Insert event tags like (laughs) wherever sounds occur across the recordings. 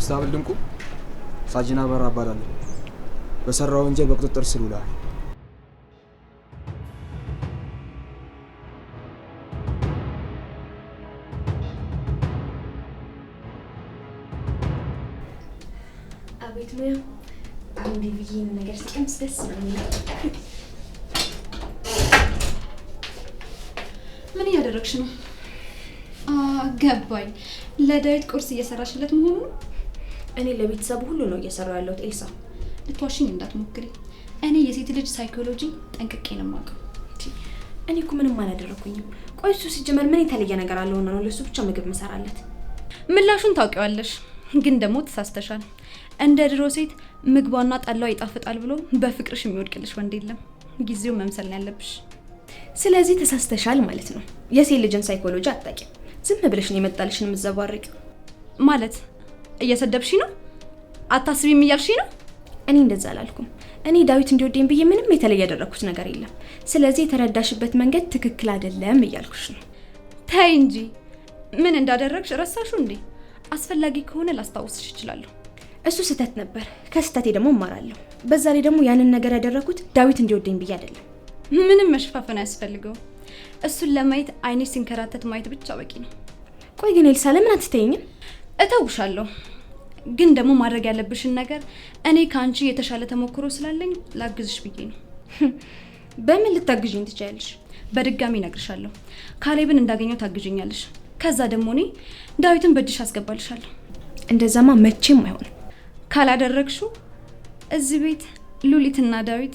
ኮንስታብል ድንቁ ሳጅን አበራ እባላለሁ። በሰራው ወንጀል በቁጥጥር ስር ውለዋል። አቤት ሙያ ብዬ ነገር ደስ ምን እያደረግሽ ነው? ገባኝ። ለዳዊት ቁርስ እየሰራሽለት መሆኑ እኔ ለቤተሰቡ ሁሉ ነው እየሰራው ያለሁት። ኤልሳ ልትዋሽኝ እንዳትሞክሪ። እኔ የሴት ልጅ ሳይኮሎጂ ጠንቅቄ ነው የማውቀው። እኔ እኮ ምንም አላደረኩኝም። ቆይ እሱ ሲጀመር ምን የተለየ ነገር አለውና ነው ለሱ ብቻ ምግብ መሰራለት? ምላሹን ታውቂዋለሽ፣ ግን ደግሞ ተሳስተሻል። እንደ ድሮ ሴት ምግቧና ጠላዋ ይጣፍጣል ብሎ በፍቅርሽ የሚወድቅልሽ ወንድ የለም። ጊዜው መምሰል ነው ያለብሽ። ስለዚህ ተሳስተሻል ማለት ነው። የሴት ልጅን ሳይኮሎጂ አታውቂም። ዝም ብለሽ ነው የመጣልሽን የምዘባርቂው ማለት እየሰደብሽ ነው፣ አታስቢም እያልሽ ነው። እኔ እንደዛ አላልኩም። እኔ ዳዊት እንዲወደኝ ብዬ ምንም የተለየ ያደረግኩት ነገር የለም። ስለዚህ የተረዳሽበት መንገድ ትክክል አይደለም እያልኩሽ ነው። ተይ እንጂ ምን እንዳደረግሽ ረሳሹ እንዴ? አስፈላጊ ከሆነ ላስታውስሽ እችላለሁ። እሱ ስህተት ነበር፣ ከስህተቴ ደግሞ እማራለሁ። በዛ ላይ ደግሞ ያንን ነገር ያደረግኩት ዳዊት እንዲወደኝ ብዬ አይደለም። ምንም መሸፋፈን አያስፈልገው። እሱን ለማየት አይኔ ሲንከራተት ማየት ብቻ በቂ ነው። ቆይ ግን ኤልሳ ለምን አትተይኝም? እተውሻለሁ ግን ደግሞ ማድረግ ያለብሽን ነገር እኔ ከአንቺ የተሻለ ተሞክሮ ስላለኝ ላግዝሽ ብዬ ነው። (laughs) በምን ልታግዥኝ ትችያለሽ? በድጋሚ እነግርሻለሁ። ካሌብን እንዳገኘው ታግዥኛለሽ። ከዛ ደግሞ እኔ ዳዊትን በእጅሽ አስገባልሻለሁ። እንደዛማ መቼም አይሆንም። ካላደረግሽው እዚህ ቤት ሉሊትና ዳዊት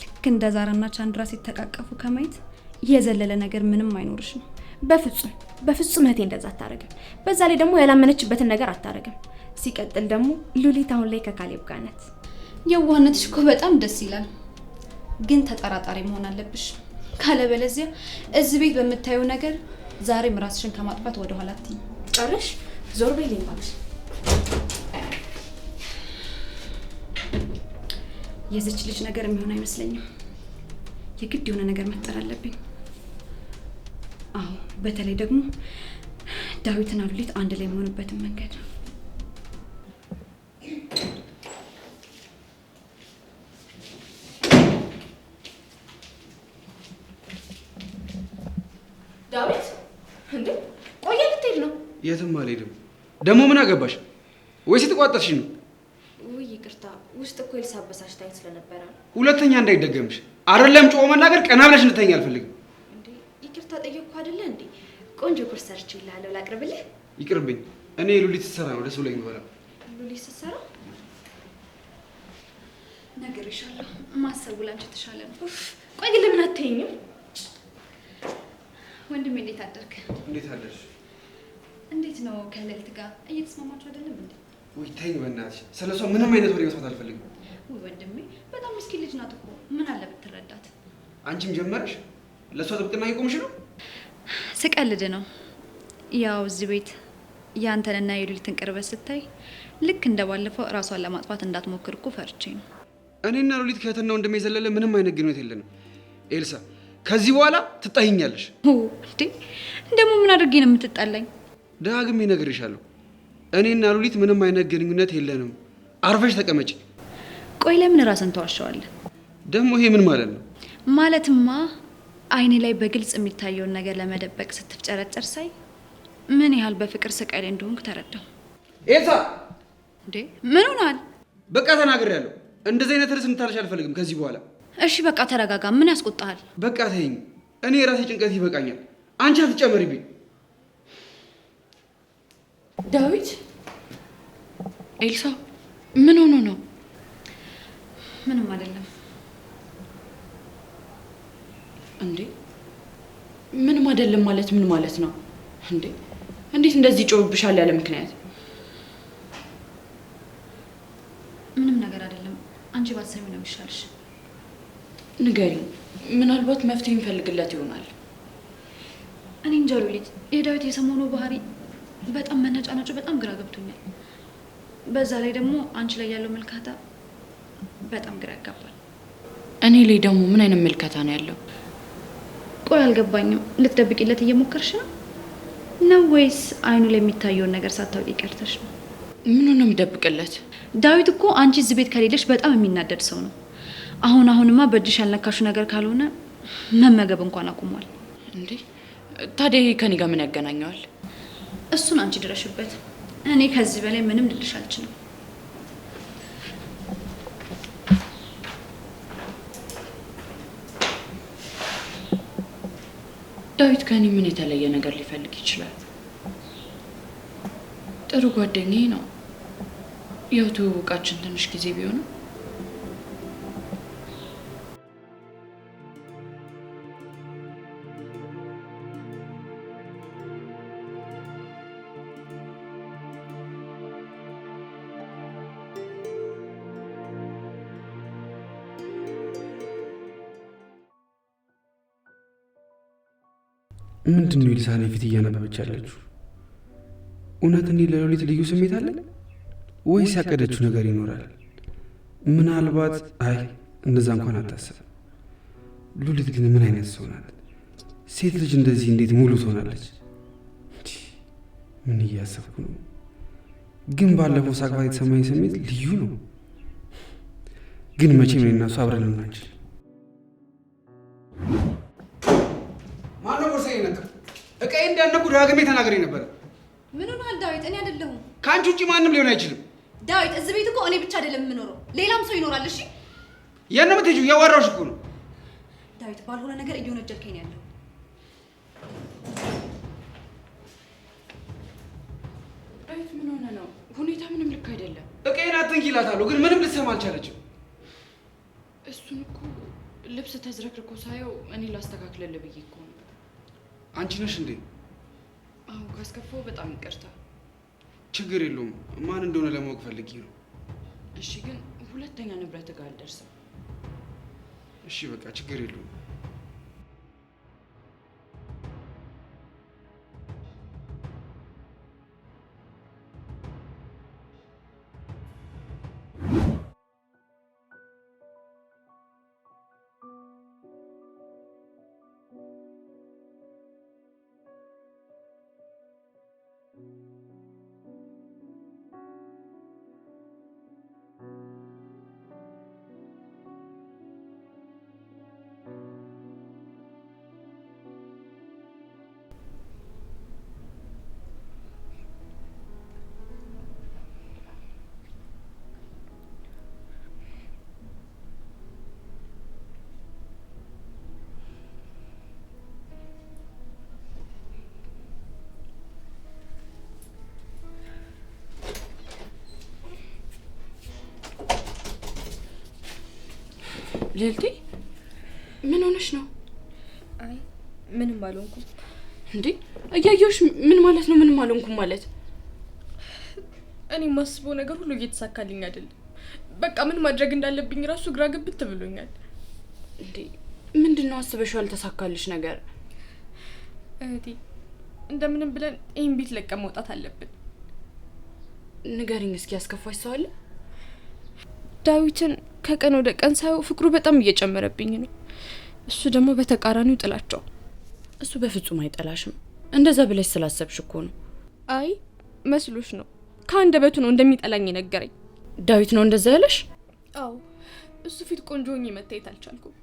ልክ እንደ ዛራና ቻንድራ ሲተቃቀፉ ከማየት የዘለለ ነገር ምንም አይኖርሽም። በፍጹም በፍጹም እህቴ እንደዛ አታረግም። በዛ ላይ ደግሞ ያላመነችበትን ነገር አታረግም። ሲቀጥል ደግሞ ሉሊት አሁን ላይ ከካሌብ ጋር ናት። የዋህነትሽ እኮ በጣም ደስ ይላል፣ ግን ተጠራጣሪ መሆን አለብሽ። ካለበለዚያ እዚህ ቤት በምታየው ነገር ዛሬም ራስሽን ከማጥፋት ወደኋላ አትይም። ጨርሽ ዞር በይ ልንባልሽ። የዚች ልጅ ነገር የሚሆን አይመስለኝም። የግድ የሆነ ነገር መፍጠር አለብኝ። አዎ፣ በተለይ ደግሞ ዳዊትና ሉሊት አንድ ላይ የሆኑበትን መንገድ ነው። ዳዊት እንዴ፣ ቆየ፣ ልትሄድ ነው? የትም አልሄድም። ደግሞ ምን አገባሽ? ወይስ የተቋጠርሽ ነው? ውይ ይቅርታ፣ ውስጥ እኮ የልሳ ታይት ስለነበረ ሁለተኛ እንዳይደገምሽ አረለም ጮሆ መናገር፣ ቀና ብለሽ እንድተኛ አልፈልግም። ይቅርታ ጠየቅኩ አይደለ እንዴ? ቆንጆ ቁርስ ሰርቼልሃለሁ፣ ላቅርብልህ? ይቅርብኝ። እኔ ሉሊት ስሰራ ነው ደስ ብሎኝ የምበላው። ሉሊት ነገር ነግሬሻለሁ፣ ማሰቡ ላንቺ የተሻለ ነው። ቆይ ግን ለምን አትይኝም? ወንድሜ እንዴት አደርክ? እንዴት አደርሽ? እንዴት ነው ከሉሊት ጋር እየተስማማችሁ አይደለም እንዴ? ወይ ተይኝ በእናትሽ፣ ስለሷ ምንም አይነት ወሬ መስማት አልፈልግም። ወይ ወንድሜ፣ በጣም ምስኪን ልጅ ናት እኮ ምን አለ ብትረዳት። አንቺም ጀመርሽ ለእሷ ጥብቅና እየቆምሽ ነው? ስቀልድ ነው። ያው እዚህ ቤት ያንተንና የሉሊትን ቅርበት ስታይ ልክ እንደ ባለፈው እራሷን ለማጥፋት እንዳትሞክር እኮ ፈርቼ ነው። እኔና ሉሊት ከእህትና ወንድሜ የዘለለ ምንም አይነት ግንኙነት የለንም። ኤልሳ ከዚህ በኋላ ትጣይኛለሽ። እንዴ ደግሞ ምን አድርጌ ነው የምትጣላኝ? ዳግሜ እነግርሻለሁ፣ እኔና ሉሊት ምንም አይነት ግንኙነት የለንም። አርፈሽ ተቀመጪ። ቆይ ለምን ራስን ተዋሸዋለን? ደግሞ ይሄ ምን ማለት ነው? ማለትማ አይኔ ላይ በግልጽ የሚታየውን ነገር ለመደበቅ ስትፍጨረጨር ሳይ ምን ያህል በፍቅር ስቃይ ላይ እንደሆንክ ተረዳሁ። ኤልሳ እንዴ ምን ሆናል? በቃ ያለው እንደዚህ አይነት ርዕስ እንድታነሺ አልፈልግም ከዚህ በኋላ እሺ። በቃ ተረጋጋ። ምን ያስቆጣሃል? በቃ ተይኝ። እኔ የራሴ ጭንቀት ይበቃኛል። አንቺ አትጨመሪብኝ። ዳዊት ኤልሳ ምን ሆኖ ነው? ምንም አይደለም። እንዴ ምንም አይደለም ማለት ምን ማለት ነው እንዴ? እንዴት እንደዚህ ጮብሻል ያለ ምክንያት? ምንም ነገር አይደለም። አንቺ ባትሰሚ ነው የሚሻልሽ። ንገሪኝ፣ ምናልባት መፍትሄ የሚፈልግለት ይሆናል። እኔ እንጃ ሉሊት፣ የዳዊት የሰሞኑ ባህሪ በጣም መነጫነጩ በጣም ግራ ገብቶኛል። በዛ ላይ ደግሞ አንቺ ላይ ያለው ምልካታ በጣም ግራ ያጋባል። እኔ ላይ ደግሞ ምን አይነት ምልከታ ነው ያለው? ቆይ አልገባኝም። ልትደብቂለት እየሞከርሽ ነው ነው ወይስ አይኑ ላይ የሚታየውን ነገር ሳታውቂ ቀርተሽ ነው? ምኑ ነው የምደብቅለት? ዳዊት እኮ አንቺ እዚህ ቤት ከሌለሽ በጣም የሚናደድ ሰው ነው። አሁን አሁንማ በእጅሽ ያልነካሹ ነገር ካልሆነ መመገብ እንኳን አቁሟል። እንዴ ታዲያ ከኔ ጋር ምን ያገናኘዋል? እሱን አንቺ ድረሽበት። እኔ ከዚህ በላይ ምንም ልልሽ አልችልም። ዳዊት ከኔ ምን የተለየ ነገር ሊፈልግ ይችላል? ጥሩ ጓደኛዬ ነው። ያው ትውውቃችን ትንሽ ጊዜ ቢሆንም ምንድን ነው የልሳኔ ፊት እያነበበች ያለችው? እውነት እንዲህ ለሎሊት ልዩ ስሜት አለ ወይስ ያቀደችው ነገር ይኖራል? ምናልባት አይ እንደዛ እንኳን አታስብም። ሉሊት ግን ምን አይነት ሰው ናት? ሴት ልጅ እንደዚህ እንዴት ሙሉ ትሆናለች? ምን እያሰብኩ ነው? ግን ባለፈው ሳቅፋ የተሰማኝ ስሜት ልዩ ነው። ግን መቼም እኔና እሱ አብረን ቀይ እንዳነኩ ዳግሜ ተናግሬ ነበረ። ምን ሆነሃል ዳዊት? እኔ አይደለሁም። ከአንቺ ውጭ ማንም ሊሆን አይችልም። ዳዊት እዚህ ቤት እኮ እኔ ብቻ አይደለም የምኖረው፣ ሌላም ሰው ይኖራል። እሺ የት ነው የምትሄጂው? እያዋራሁሽ እኮ ነው። ዳዊት ባልሆነ ነገር እየወነጀልከኝ ነው ያለው። ዳዊት ምን ሆነ ነው? ሁኔታ ምንም ልክ አይደለም። እቀይና አትንኪ እላታለሁ፣ ግን ምንም ልትሰማ አልቻለችም። እሱን እኮ ልብስ ተዝረክርኮ ሳየው እኔ ላስተካክለልህ ብዬ እኮ አንቺ ነሽ እንዴ? አዎ፣ ካስከፋው በጣም ይቅርታ። ችግር የለውም። ማን እንደሆነ ለማወቅ ፈልጌ ነው። እሺ፣ ግን ሁለተኛ ንብረት ጋር አልደርስም። እሺ፣ በቃ ችግር የለውም። ልዕልቴ ምን ሆነሽ ነው? አይ ምንም አልሆንኩም። እንዴ እያየሁሽ ምን ማለት ነው? ምንም አልሆንኩም ማለት እኔ የማስበው ነገር ሁሉ እየተሳካልኝ አይደለም። በቃ ምን ማድረግ እንዳለብኝ ራሱ ግራ ግብት ብሎኛል። እንዴ ምንድን ነው አስበሽው ያልተሳካልሽ ነገር? እህቴ እንደምንም ብለን ይህን ቤት ለቀን መውጣት አለብን። ንገሪኝ እስኪ ያስከፋሽ ሰው አለ? ዳዊትን ከቀን ወደ ቀን ሳየው ፍቅሩ በጣም እየጨመረብኝ ነው። እሱ ደግሞ በተቃራኒው ጥላቸው። እሱ በፍጹም አይጠላሽም። እንደዛ ብለሽ ስላሰብሽ እኮ ነው። አይ መስሎሽ ነው። ከአንደበቱ ነው እንደሚጠላኝ ነገረኝ። ዳዊት ነው እንደዛ ያለሽ? አዎ እሱ ፊት ቆንጆ ሆኜ መታየት አልቻልኩም።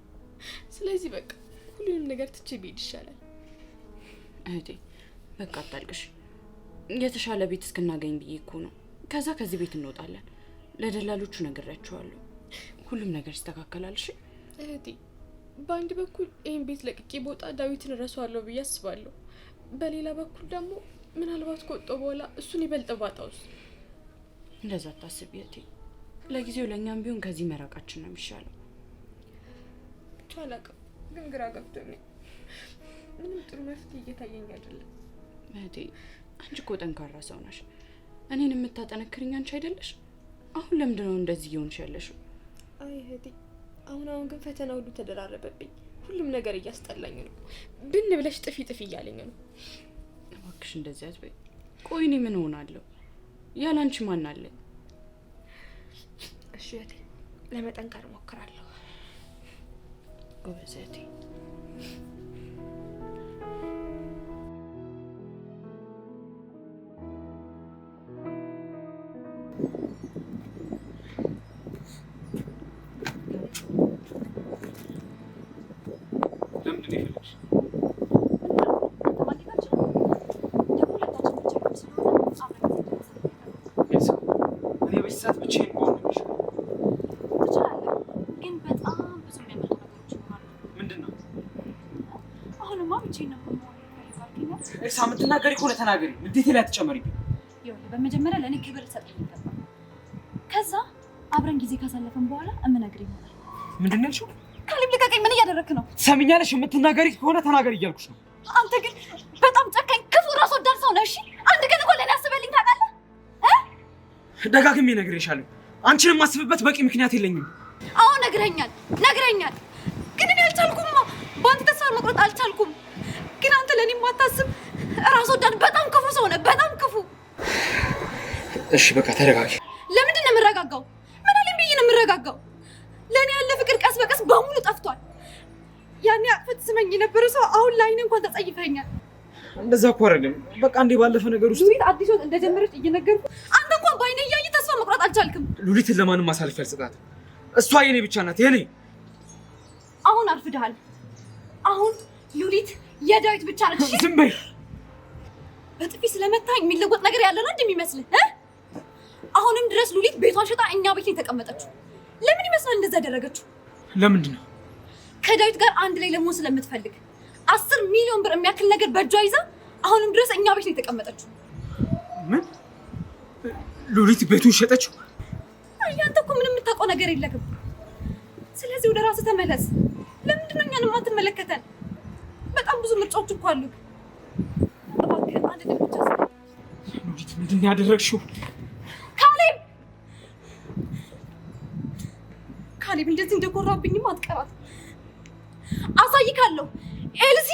ስለዚህ በቃ ሁሉንም ነገር ትቼ ብሄድ ይሻላል። እህቴ በቃ አታልቅሽ። የተሻለ ቤት እስክናገኝ ብዬ እኮ ነው። ከዛ ከዚህ ቤት እንወጣለን። ለደላሎቹ ነግሬያቸዋለሁ። ሁሉም ነገር ይስተካከላል። እሺ እህቴ፣ በአንድ በኩል ይህን ቤት ለቅቄ ቦጣ ዳዊትን እረሳዋለሁ ብዬ አስባለሁ። በሌላ በኩል ደግሞ ምናልባት ከወጣሁ በኋላ እሱን ይበልጥ ባጣ ውስጥ። እንደዛ አታስቢ እህቴ። ለጊዜው ለእኛም ቢሆን ከዚህ መራቃችን ነው የሚሻለው። ብቻ አላውቅም፣ ግን ግራ ገብቶኛል። ምንም ጥሩ መፍትሄ እየታየኝ አይደለም። እህቴ፣ አንቺ እኮ ጠንካራ ሰው ነሽ። እኔን የምታጠነክርኝ አንቺ አይደለሽ? አሁን ለምንድን ነው እንደዚህ እየሆንሽ ያለሽው? አይ እህቴ፣ አሁን አሁን ግን ፈተና ሁሉ ተደራረበብኝ። ሁሉም ነገር እያስጠላኝ ነው። ብን ብለሽ ጥፊ ጥፊ እያለኝ ነው። እባክሽ እንደዚህ አትበይ። ቆይ እኔ ምን ሆናለሁ? ያለ አንቺ ማን አለ? እሺ እህቴ፣ ለመጠንከር እሞክራለሁ። ጎበዝ እህቴ። የምትናገሪ ከሆነ ተናገሪ። ንዴት ላይ አትጨመሪብኝ። በመጀመሪያ ለእኔ ክብር ሰጠኝ ይገባል። ከዛ አብረን ጊዜ ካሳለፈን በኋላ እምነግርህ ይሆናል። ምንድን ነው ያልሽው? ካሌብ ልቀቀኝ። ምን እያደረግክ ነው? ሰምኛለሽ። የምትናገሪ ከሆነ ተናገሪ እያልኩሽ ነው። አንተ ግን በጣም ጨካኝ፣ ክፉ፣ ራስ ወዳድ ሰው ነህ። እሺ አንድ ቀን እንኳን ለእኔ አስበልኝ ታውቃለህ? ደጋግሜ እነግርሻለሁ። አንቺን የማስብበት በቂ ምክንያት የለኝም። አዎ ነግረኛል፣ ነግረኛል። ግን እኔ አልቻልኩም። በአንተ ተስፋ መቁረጥ አልቻልኩም። ግን አንተ ለእኔ የማታስብ እሺ በቃ ተረጋጊ። ለምንድን ነው የምረጋጋው? ምን አለኝ ብዬ ነው የምረጋጋው? ለእኔ ያለ ፍቅር ቀስ በቀስ በሙሉ ጠፍቷል። ያኔ አቅፈት ስመኝ የነበረ ሰው አሁን ለአይኔ እንኳን ተጸይፈኛል። እንደዛ እኮ አይደለም። በቃ እንዴ ባለፈ ነገር ውስጥ ሉሊት አዲስ ወጥ እንደጀመረች እየነገርኩ አንተ እንኳን በአይኔ እያየ ተስፋ መቁረጥ አልቻልክም። ሉሊትን ለማንም ማሳልፍ ያልሰጣት እሷ የኔ ብቻ ናት የኔ። አሁን አርፍደሃል። አሁን ሉሊት የዳዊት ብቻ ነች። ዝም በይ። በጥፊ ስለመታኝ የሚለወጥ ነገር ያለ ነው እንደሚመስልህ አሁንም ድረስ ሉሊት ቤቷን ሸጣ እኛ ቤት የተቀመጠችው ለምን ይመስላል? እንደዛ ያደረገችው ለምንድን ነው? ከዳዊት ጋር አንድ ላይ ለመሆን ስለምትፈልግ አስር ሚሊዮን ብር የሚያክል ነገር በእጇ ይዛ አሁንም ድረስ እኛ ቤት ነው የተቀመጠችው። ምን ሉሊት ቤቱን ሸጠችው? እያንተ እኮ ምንም የምታውቀው ነገር የለህም። ስለዚህ ወደ ራስህ ተመለስ። ለምንድን ነው እኛን የማትመለከተን? በጣም ብዙ ምርጫዎች እኮ አሉ። እባክህ አንድ ብቻ ሉሊት፣ ምንድን ያደረግሽው? ካሌብ እንደዚህ እንደጎራብኝም አትቀራት። አሳይካለሁ። ኤልሲ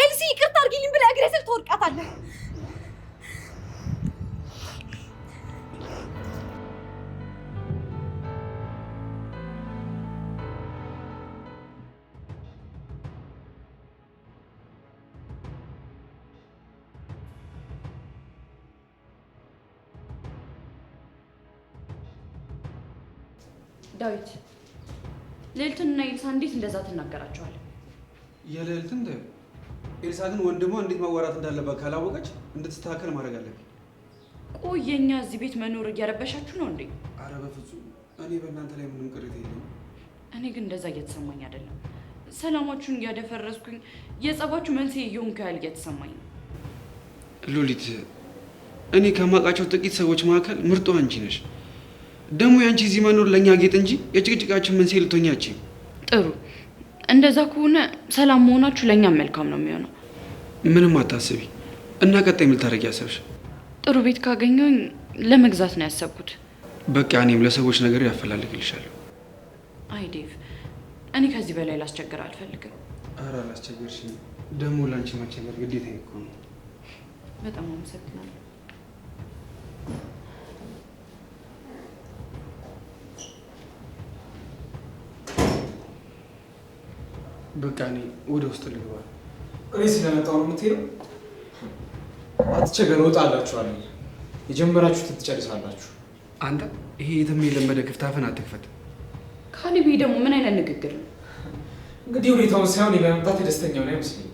ኤልሲ ይቅርታ አድርጊልኝ ብለህ እግሬ ስር ትወድቃታለህ። ዳዊት እና ኤልሳ እንዴት እንደዛ ትናገራቸዋል? የልዕልትን እንደ ኤልሳ ግን ወንድሟ እንዴት ማዋራት እንዳለባት ካላወቀች እንድትስተካከል ማድረግ አለብኝ። ቆይ የእኛ እዚህ ቤት መኖር እያረበሻችሁ ነው እንዴ? አረ በፍጹም እኔ በእናንተ ላይ ምንም ቅሬታ የለም። እኔ ግን እንደዛ እየተሰማኝ አይደለም። ሰላማችሁን እያደፈረስኩኝ የጸባችሁ መንስኤ እየሆንኩ ያህል እየተሰማኝ ነው። ሉሊት፣ እኔ ከማውቃቸው ጥቂት ሰዎች መካከል ምርጧ አንቺ ነሽ። ደግሞ ያንቺ እዚህ መኖር ለእኛ ጌጥ እንጂ የጭቅጭቃችን መንስኤ ልትሆኚ ጥሩ፣ እንደዛ ከሆነ ሰላም መሆናችሁ ለእኛም መልካም ነው የሚሆነው። ምንም አታስቢ እና ቀጣይ ምን ልታደርጊ ያሰብሽ? ጥሩ ቤት ካገኘሁኝ ለመግዛት ነው ያሰብኩት። በቃ እኔም ለሰዎች ነገር ያፈላልግልሻለሁ። አይ ዴቭ፣ እኔ ከዚህ በላይ ላስቸግር አልፈልግም። ኧረ አላስቸግርሽም። ደግሞ ለአንቺ ማስቸገር ግዴታ እኮ ነው። በጣም አመሰግናለሁ። በቃ እኔ ወደ ውስጥ ልግባ። እኔ ስለመጣሁ ነው የምትሄደው? አትቸገር፣ እወጣላችኋለሁ። የጀመራችሁ ትጨርሳላችሁ። አንተ ይሄ የትም የለመደ ክፍታፍን አትክፈት። ካሌብ ደግሞ ምን አይነት ንግግር ነው? እንግዲህ ሁኔታውን ሳይሆን በመምጣት ነው አይመስለኝም።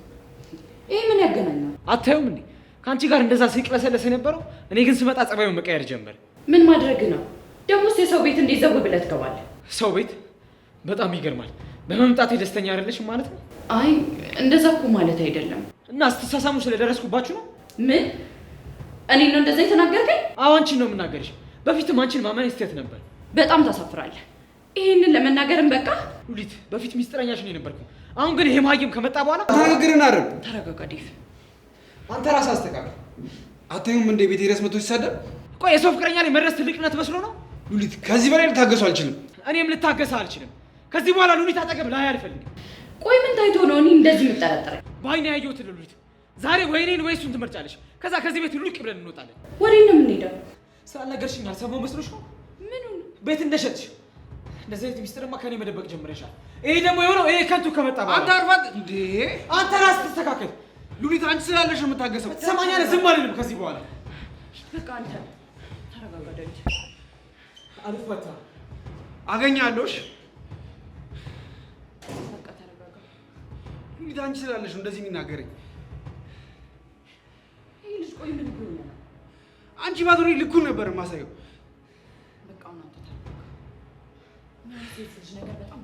ይህ ምን ያገናኛል? አታዩም እንዴ ከአንቺ ጋር እንደዛ ሲቅለሰለስ የነበረው? እኔ ግን ስመጣ ጸባዩን መቀየር ጀመር። ምን ማድረግ ነው ደግሞ? የሰው ቤት እንዴት ዘው ብለህ ትገባለህ? ሰው ቤት በጣም ይገርማል። በመምጣት ደስተኛ አይደለሽም ማለት ነው? አይ እንደዛ እኮ ማለት አይደለም። እና አስተሳሳሙ ስለደረስኩባችሁ ነው። ምን እኔ ነው እንደዛ የተናገርከኝ? አዎ አንቺን ነው የምናገርሽ። በፊትም አንቺን ማመን ስህተት ነበር። በጣም ታሳፍራለህ። ይህንን ለመናገርም በቃ ሉሊት፣ በፊት ሚስጥረኛሽ ነው የነበርኩ። አሁን ግን ይሄ መሀይም ከመጣ በኋላ ንግግርን አረ ተረጋጋ ዴፍ፣ አንተ ራስ አስተካክል። አታዩም እንደ ቤት ድረስ መቶ ሲሳደብ። ቆይ የሰው ፍቅረኛ ላይ መድረስ ትልቅነት መስሎ ነው? ሉሊት፣ ከዚህ በላይ ልታገሱ አልችልም። እኔም ልታገስ አልችልም። ከዚህ በኋላ ሉሊት አጠገብ ላይ አልፈልግም። ቆይ ምን ታይቶ ነው እኔ እንደዚህ የምጠረጠረኝ? በአይኔ ያየሁትን ሉሊት ዛሬ ወይ እኔን ወይ እሱን ትመርጫለሽ። ከዛ ከዚህ ቤት ሉልቅ ብለን እንወጣለን። ወዴት ነው የምንሄደው? ስላልነገርሽኝ አልሰማሁ መስሎሽ ነው? ምኑን ቤት እንደሸጥሽ እንደዚህ አይነት ሚስጥርማ ከእኔ መደበቅ ጀምረሻል። ይሄ ደግሞ የሆነው ይሄ ከንቱ ከመጣ አንተ አርባት እንዴ! አንተ ራስህ ተስተካከል። ሉሊት አንቺ ስላለሽ ነው የምታገሰው። አለ ዝም አልልም ከዚህ በኋላ በቃ። አንተ ተረጋጋ። አልፈታ አገኛለሽ እንግዲህ አንቺ ስላለሽ እንደዚህ የሚናገረኝ ይህ ልጅ። ቆይ ምን ልኩ ነው? አንቺ ባትኖሪ ልኩን ነበር የማሳየው በቃ ነገር በጣም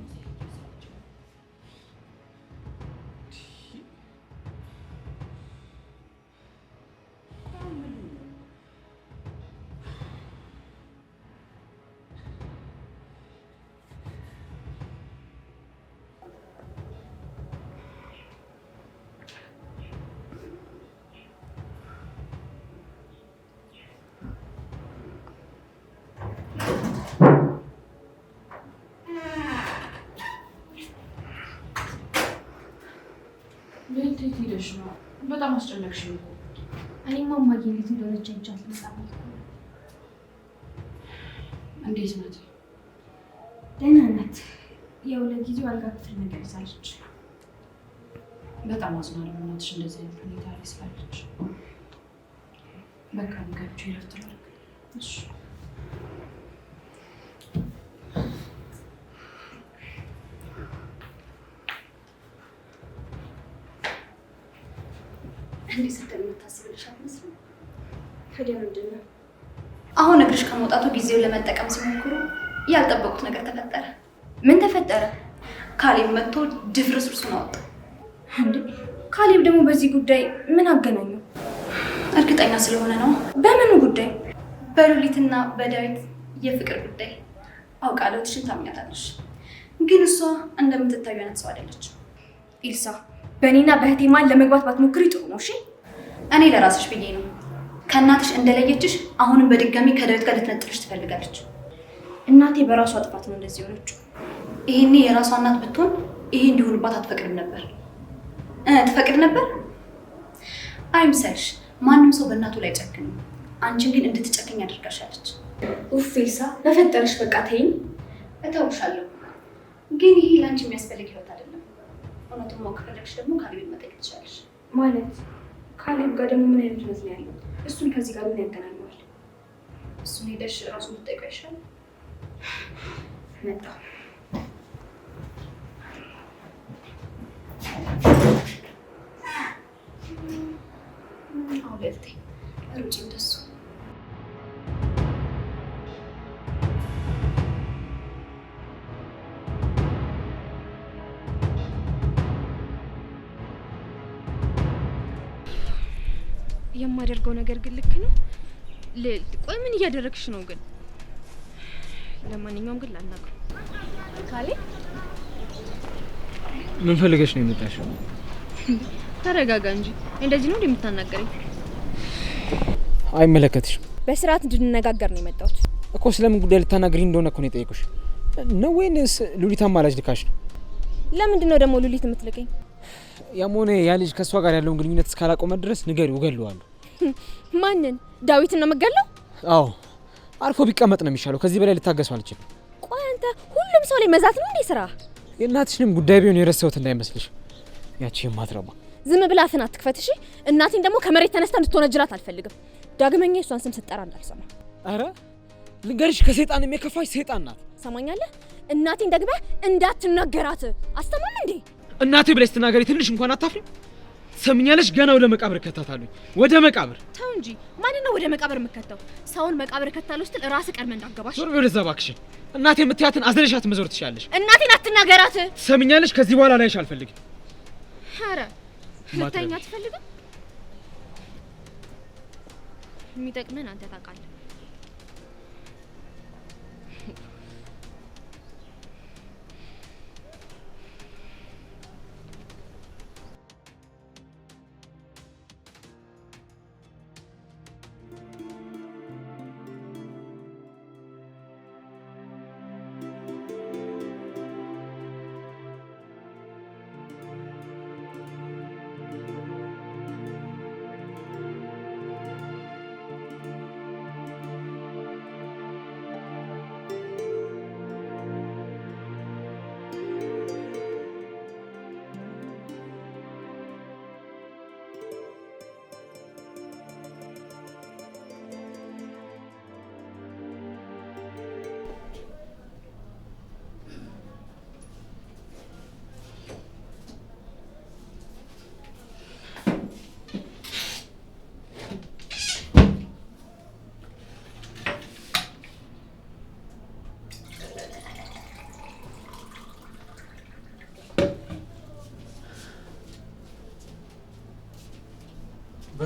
ለእንት ሄደሽ ነው? በጣም አስጨነቅሽ ነው። እኔማ እማዬ እንዴት እንደሆነች አይቻት እንዴት ናት? ደህና ናት። ያው ለጊዜው አልጋ ክፍል በጣም አዝናለሁ እናትሽ እንደዚህ አይነት ሁኔታ ላይ ስላለች። በቃ እሺ እንዴት ስትል የምታስብልሽ አትመስልም። ከዲያ ምንድን ነው አሁን እግርሽ ከመውጣቱ ጊዜውን ለመጠቀም ሲሞክሩ ያልጠበቁት ነገር ተፈጠረ። ምን ተፈጠረ? ካሌብ መጥቶ ድፍርስ እርሱን አወጣ። እንዴ ካሌብ ደግሞ በዚህ ጉዳይ ምን አገናኙ እርግጠኛ ስለሆነ ነው። በምኑ ጉዳይ? በሉሊትና በዳዊት የፍቅር ጉዳይ። አውቃለሁ ትሽን ታምኛታለሽ፣ ግን እሷ እንደምትታዩ አይነት ሰው አይደለች። ኢልሳ፣ በእኔና በእህቴ ማን ለመግባት ባትሞክሪ ጥሩ ነው። እሺ፣ እኔ ለራስሽ ብዬ ነው። ከእናትሽ እንደለየችሽ አሁንም በድጋሚ ከዳዊት ጋር ልትነጥልሽ ትፈልጋለች። እናቴ በራሷ ጥፋት ነው እንደዚህ የሆነችው። ይሄኔ የራሷ እናት ብትሆን ይሄ እንዲሆንባት አትፈቅድም ነበር። ትፈቅድ ነበር አይምሰልሽ። ማንም ሰው በእናቱ ላይ ጨክን። አንቺን ግን እንድትጨክኝ አደርጋሻለች። ኡፍ ኢልሳ፣ በፈጠረሽ በቃ ተይኝ። እተውሻለሁ፣ ግን ይሄ ለአንቺ የሚያስፈልግ እውነቱን ማወቅ ከፈለግሽ ደግሞ ካሌብን መጠየቅ ትችላለሽ። ማለት ካሌብ ጋር ደግሞ ምን አይነት መዝን ያለው? እሱን ከዚህ ጋር ምን ያገናኘዋል? እሱን ሄደሽ እራሱ ብትጠይቂው ይሻላል። መጣሁ አሁን ሩጭ የማደርገው ነገር ግን ልክ ነው? ቆይ ምን እያደረግሽ ነው ግን? ለማንኛውም ግን ላናግሩ። ካሌ ምን ፈልገሽ ነው የመጣሽው? ተረጋጋ እንጂ እንደዚህ ነው እንደምታናገረኝ። አይመለከትሽም። በስርዓት እንድንነጋገር ነው የመጣሁት እኮ። ስለምን ጉዳይ ልታናግሪ እንደሆነ እኮ ነው የጠየቁሽ ነው ወይንስ ሉሊት አማላጅ ልካሽ ነው? ለምንድን ነው ደግሞ ሉሊት የምትልቀኝ? ያም ሆነ ያ ልጅ ከእሷ ጋር ያለውን ግንኙነት እስካላቆመ ድረስ ንገሪው፣ እገለዋለሁ (laughs) ማንን? ዳዊትን ነው የምገለው? አዎ አርፎ ቢቀመጥ ነው የሚሻለው። ከዚህ በላይ ልታገሱ አልችልም። ቆይ አንተ ሁሉም ሰው ላይ መዛት ነው እንዴ ስራ? የእናትሽንም ጉዳይ ቢሆን የረሳሁት እንዳይመስልሽ። ያቺ የማትረባ ዝም ብላ አፍህን አትክፈት እሺ። እናቴን ደግሞ ከመሬት ተነስታ እንድትወነጅላት አልፈልግም። ዳግመኛ የሷን ስም ስትጠራ እንዳልሰማ። አረ ልንገርሽ፣ ከሰይጣንም የሚከፋሽ ሰይጣን ናት። ሰማኛለህ? እናቴን ደግመህ እንዳትናገራት አስተማም እንዴ? እናቴ ብለሽ ስትናገሪ ትንሽ እንኳን አታፍሪም? ሰምኛለሽ? ገና ወደ መቃብር እከታታለሁ። ወደ መቃብር ተው እንጂ። ማን ነው ወደ መቃብር የምከተው? ሰውን መቃብር እከታለሁ ስትል ራስ ቀድመህ እንዳትገባሽ። ዞር በይ ወደዛ እባክሽን። እናቴ የምትያትን አዝለሻት መዞር ትችላለሽ። እናቴን አትናገራት። ሰምኛለሽ? ከዚህ በኋላ ላይሽ አልፈልግም። አረ ልታይኝ አትፈልግም? የሚጠቅምን አንተ ታውቃለህ።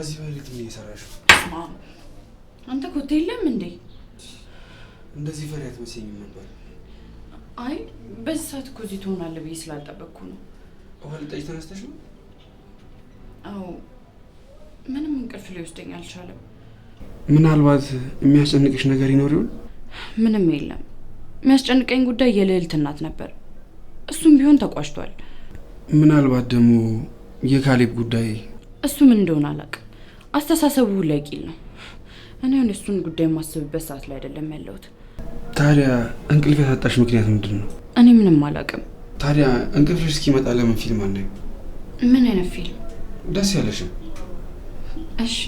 በዚህ በሌሊት ምን እየሰራሽ ነው? አንተ ኮት የለም እንዴ? እንደዚህ ፈሪ አትመስይኝም ነበር። አይ በዚህ ሰዓት እኮ እዚህ ትሆናለህ ብዬ ስላልጠበቅኩ ነው። ውሃ ልጠጭ ተነስተሽ ነው? አዎ፣ ምንም እንቅልፍ ሊወስደኝ አልቻለም። ምናልባት የሚያስጨንቅሽ ነገር ይኖር ይሆን? ምንም የለም። የሚያስጨንቀኝ ጉዳይ የልዕልት እናት ነበር። እሱም ቢሆን ተቋጭቷል። ምናልባት ደግሞ የካሌብ ጉዳይ እሱ ምን እንደሆነ አላውቅም። አስተሳሰቡ ለቂል ነው። እኔ አሁን እሱን ጉዳይ የማስብበት ሰዓት ላይ አይደለም ያለሁት። ታዲያ እንቅልፍ ያሳጣሽ ምክንያት ምንድን ነው? እኔ ምንም አላውቅም። ታዲያ እንቅልፍ እስኪመጣ ለምን ፊልም አለ? ምን አይነት ፊልም ደስ ያለሽም? እሺ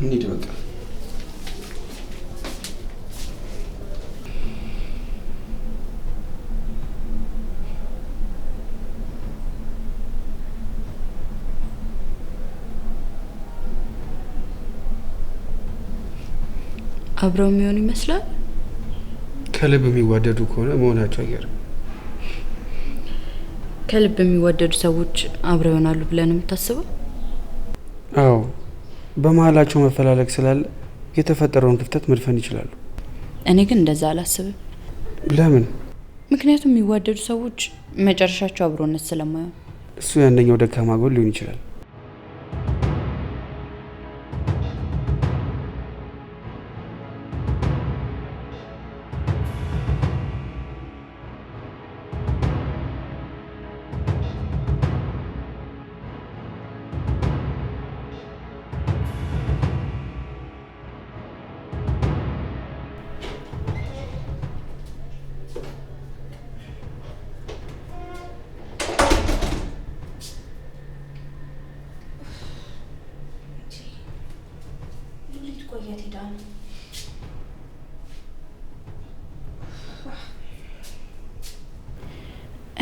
እንሂድ በቃ። አብረው የሚሆኑ ይመስላል። ከልብ የሚዋደዱ ከሆነ መሆናቸው አየር ከልብ የሚዋደዱ ሰዎች አብረው ይሆናሉ ብለን የምታስበው? አዎ፣ በመሀላቸው መፈላለግ ስላለ የተፈጠረውን ክፍተት መድፈን ይችላሉ። እኔ ግን እንደዛ አላስብም። ለምን? ምክንያቱም የሚዋደዱ ሰዎች መጨረሻቸው አብሮነት ስለማይሆን። እሱ የአንደኛው ደካማ ጎን ሊሆን ይችላል።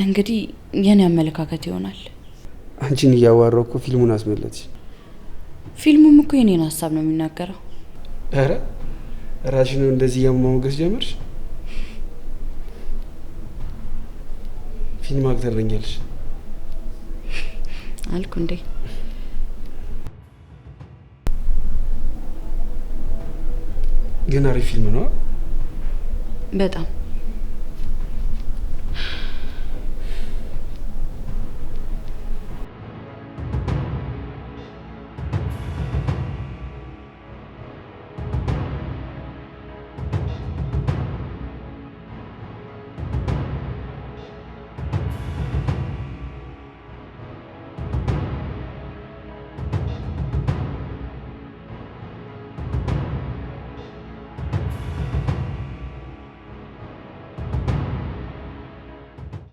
እንግዲህ የኔ አመለካከት ይሆናል። አንቺን እያዋረኩ እኮ ፊልሙን አስመለች። ፊልሙም እኮ የኔን ሀሳብ ነው የሚናገረው። ኧረ ራሽኑ እንደዚህ የማሞገስ ጀምርሽ። ፊልም አክተር አልኩ እንዴ? ግን አሪፍ ፊልም ነው በጣም